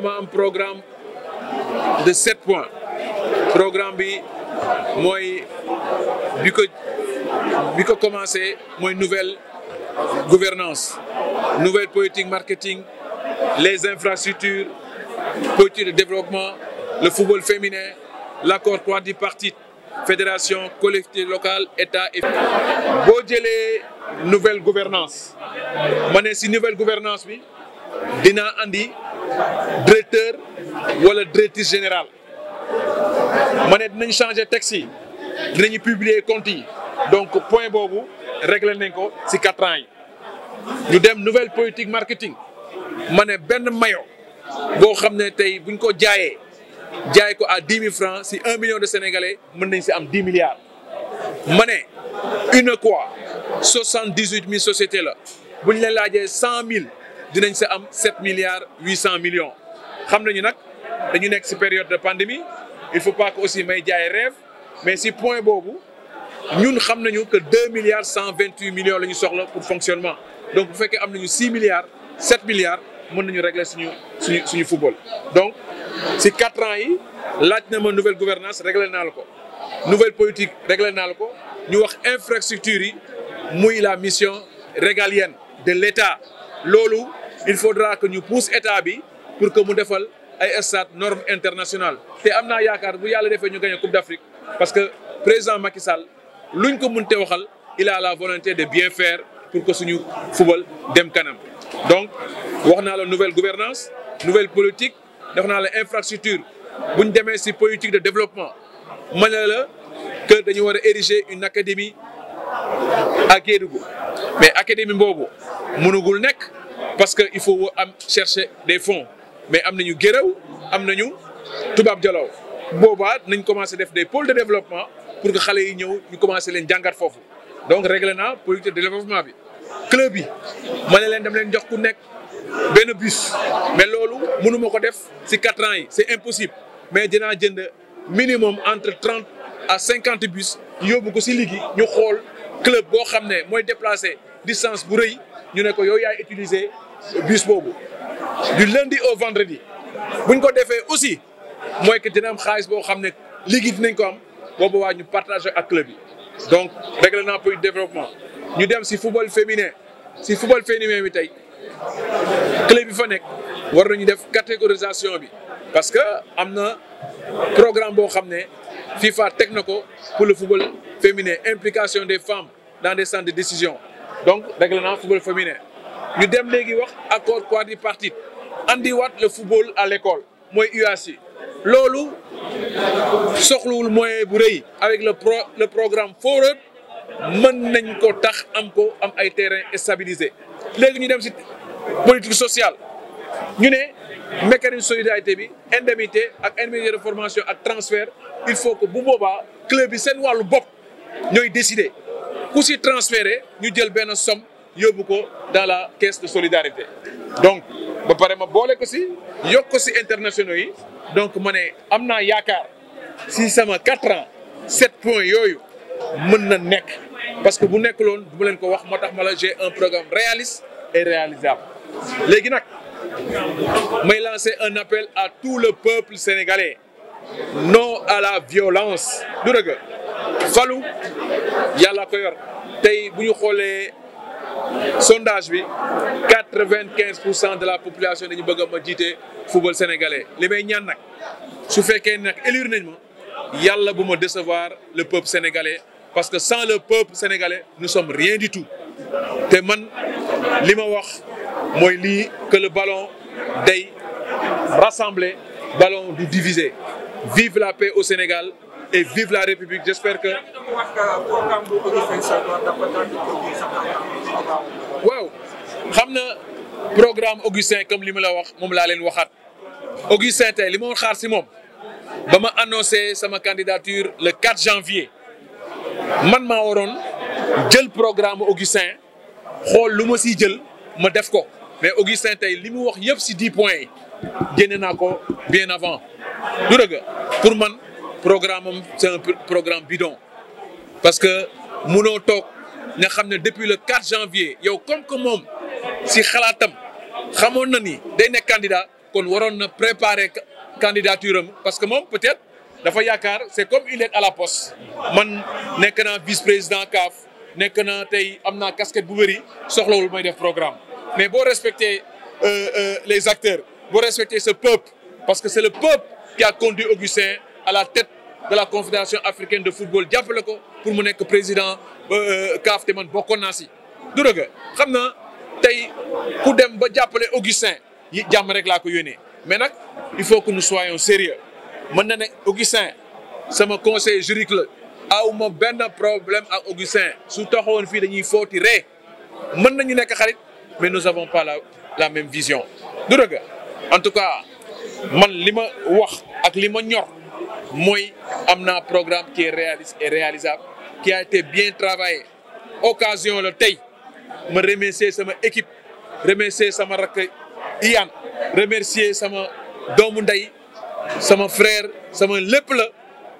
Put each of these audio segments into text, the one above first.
dama am programme de sept points programme bi mooy bi ko bi ko commencé mooy nouvelle gouvernance nouvelle politique marketing les infrastructures politique de développement le football féminin l'accord quadripartite fédération collectivité locale état et boo jëlee nouvelle gouvernance ma ne si nouvelle gouvernance bi dina andi directeur wala directrice général ma ne dinañ changer texte yi dinañu publier compte yi donc point boobu réglé nañ ko si quatre ans yi ñu dem nouvelle politique marketing ma ne benn mayo boo xam ne tey buñ ko jaayee jaay ko à dix mille francs si un million de sénégalais mën nañ ci am dix milliards ma ne une quoi soixante dix huit mille sociétés la buñ leen laajee cent mille dinañ sa am sept milliards huit cent millions. xam nañu nag dañu nekk si période de pandémie il faut pas que aussi may jaay rêve mais si point boobu ñun xam nañu que deux milliards cent vingt huit millions soxla pour fonctionnement donc bu fekkee am nañu six milliards sept milliards mën nañu régler suñu suñu suñu football. donc si quatre ans yi laaj na ma nouvelle gouvernance réglé naa la ko nouvelle politique réglé naa la ko ñu wax infrastructure yi muy la mission régalienne de l'État loolu. il faudra que ñu pousse état bi pour que mu defal ay stade norme internationale te am naa yaakaar bu yàlla defee ñu gagné coupe d'Afrique parce que président Macky Sall luñ ko mënte waxal il a la volonté de bien faire pour que suñu football dem kanam donc wax naa la nouvelle gouvernance nouvelle politique def naa la infrastructure bu ñu demee si politique de développement ma ne la que dañu war a ériger une académie à Kédougou mais académie boobu mënugul nekk parce que il faut am chercher des fonds mais am na ñu Guéréo am nañu tubaab Dialaw boobaa nañ commencé def des pôles de développement pour que xale yi ñëw ñu commencé leen jàngat foofu donc réglé naa politique de développement bi. club yi ma ne leen dama leen jox ku nekk benn bis mais loolu munuma ko def si quatre ans yi c'est impossible mais dinaa jënd minimum entre trente à cinquante bus yóbbu ko ci ligi ñu xool club boo xam ne mooy déplacer distance bu rëy. ñu ne ko yow yaay utiliser bus boobu du lundi au vendredi buñ ko defee aussi mooy que dina am xaalis boo xam ne liggéey dinañ ko am boobu waa ñu partagé ak club yi donc règlement pour développement ñu dem si football féminin si football féminin bi tey club yi fa nekk war nañu def catégorisation bi parce que am na programme boo xam ne FIFA teg na ko pour le football féminin implication des femmes dans des centres de décision donc règlement football féminin ñu dem léegi wax accord quadripartite andiwaat le football à l'école mooy UAC loolu soxluwul moyen bu rëy avec le pro le programme Forward mën nañ ko tax am ko am ay terrain stabilisé léegi ñu dem ci politique sociale ñu ne mécanisme solidarité bi indemnité ak indemnité de formation ak transfert il faut ko bu boobaa club bi seen wàllu bopp ñooy décider. ku si transféré ñu jël benn somme yóbbu ko dans la caisse de solidarité donc ba pare ma boole ko si yokk si internationaux yi donc ma ne am naa yaakaar si sama quatre ans sept points yooyu mën na nekk parce que bu nekkuloon du ma leen ko wax moo tax ma la j'ai un programme réaliste et réalisable léegi nag may lancer un appel à tout le peuple sénégalais non à la violence du dëgg falu yàlla ko yor tey bu ñu xoolee sondage bi quatre vingt quinze pour cent de la population dañu bëgg a ma jiite football sénégalais li may ñaan nag su fekkee nag élire nañ ma yàlla bu ma décevoir le peuple sénégalais parce que sans le peuple sénégalais nu sommes rien du tout te man li ma wax mooy lii que le ballon day rassembler ballon du diviser vive la paix au Sénégal et vive la République j'espère que. waaw xam na programme Augustin comme li ma la wax moom laa leen waxaat Augustin tey li ma xaar si moom ba ma annoncé sama candidature le 4 janvier man ma waroon jël programme Augustin xool lu ma si jël ma def ko mais Augustin tey li mu wax yëpp si 10 points yi génne naa ko bien avant du dëgg pour man. programme am c'est un programme bidon parce que munoo toog nga xam ne depuis le 4 janvier yow comme que moom si xalaatam xamoon na ni day nekk candidat kon waroon na préparer candidature am parce que moom peut-être dafa yaakaar c'est comme il est à la poste man nekk naa vice-président CAF nekk naa tey am naa casquette bu bëri soxlawul may def programme mais boo respecter euh, euh, les acteurs boo respecter ce peuple parce que c'est le peuple qui a conduit Augustin à la tête de la confédération africaine de football jàppale ko pour mu nekk président euh, CAF te man bokkoon naa si. du rëgg xam na tey ku dem ba jàppale Augustin yi jàmm rek laa ko yónnee mais nag il faut que nous soyons sérieux mën na ne Augustin sama conseil juridique la aw ma benn problème ak Augustin su taxawoon fii dañuy footi ree mën nañu nekk xarit mais nous avons pas la la même vision du rëgg en tout cas man li ma wax ak li ma ñor. mooy am naa programme qui est réaliste et réalisable qui a été bien travaillé occasion la tey ma remercier sama équipe remercier sama rakk Iyaan remercier sama doomu ndey sama frère sama lépp la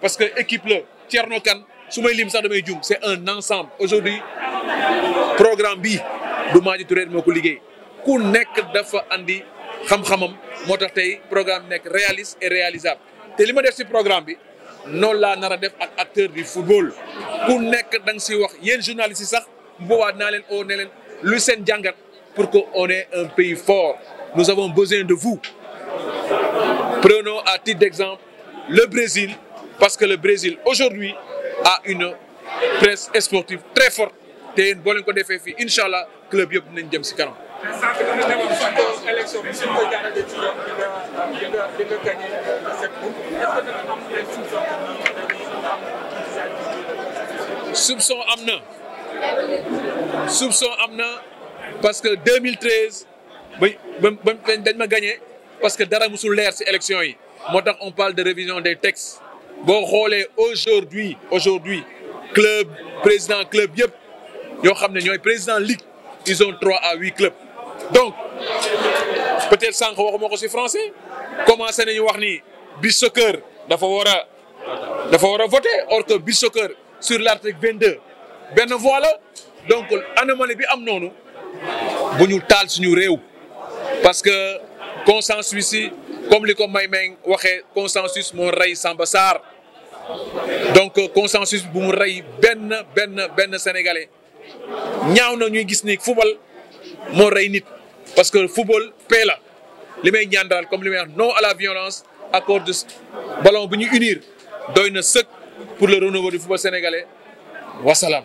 parce que équipe la Thierno kan su may lim sax may jum c'est un ensemble aujourd'hui programme bi du Madji Touré moo ko liggéey ku nekk dafa andi xam-xamam moo tax tey programme nekk réaliste et réalisable te li ma def si programme bi noonu laa nar a def ak acteur du football pour nekk da siy wax yéen journalistes yi sax bu boobaa naa leen oo ne leen lu seen jàngat pour que on est un pays fort nous avons besoin de vous prenons à titre d'exemple le Brésil parce que le Brésil aujourd'hui a une presse sportive très forte te yéen boo leen ko defee fii incha allah club yëpp nañ jëm si kanam mais sànq bi suñ ko jaaralee ci am ay soupçon am am na soupçon am na parce que 2013 ba ba dañ ma gagné parce que dara musul leer si élection yi moo tax on parle de révision des textes boo xoolee aujourd'hui aujourd'hui club président club yëpp yoo xam ne ñooy président ligue ils ont trois à huit clubs donc peut-être sànq waxuma ko si français commencé nañu wax ni beach soccer dafa war a dafa war a voter or que beach soccer sur l'article 22 benn voix la donc anomalie bi am noonu bu ñu taal suñu réew parce que consensus yi comme li ko may may waxee consensus moom rey Samba Sarr donc consensus bu mu rey benn benn benn sénégalais ñaaw na ñuy gis ni football moo rey nit parce que football paix la li may ñaan daal comme li may wax non à la violence accord de ballon bu ñu unir doy na sëkk pour le renouveau du football sénégalais wasalaam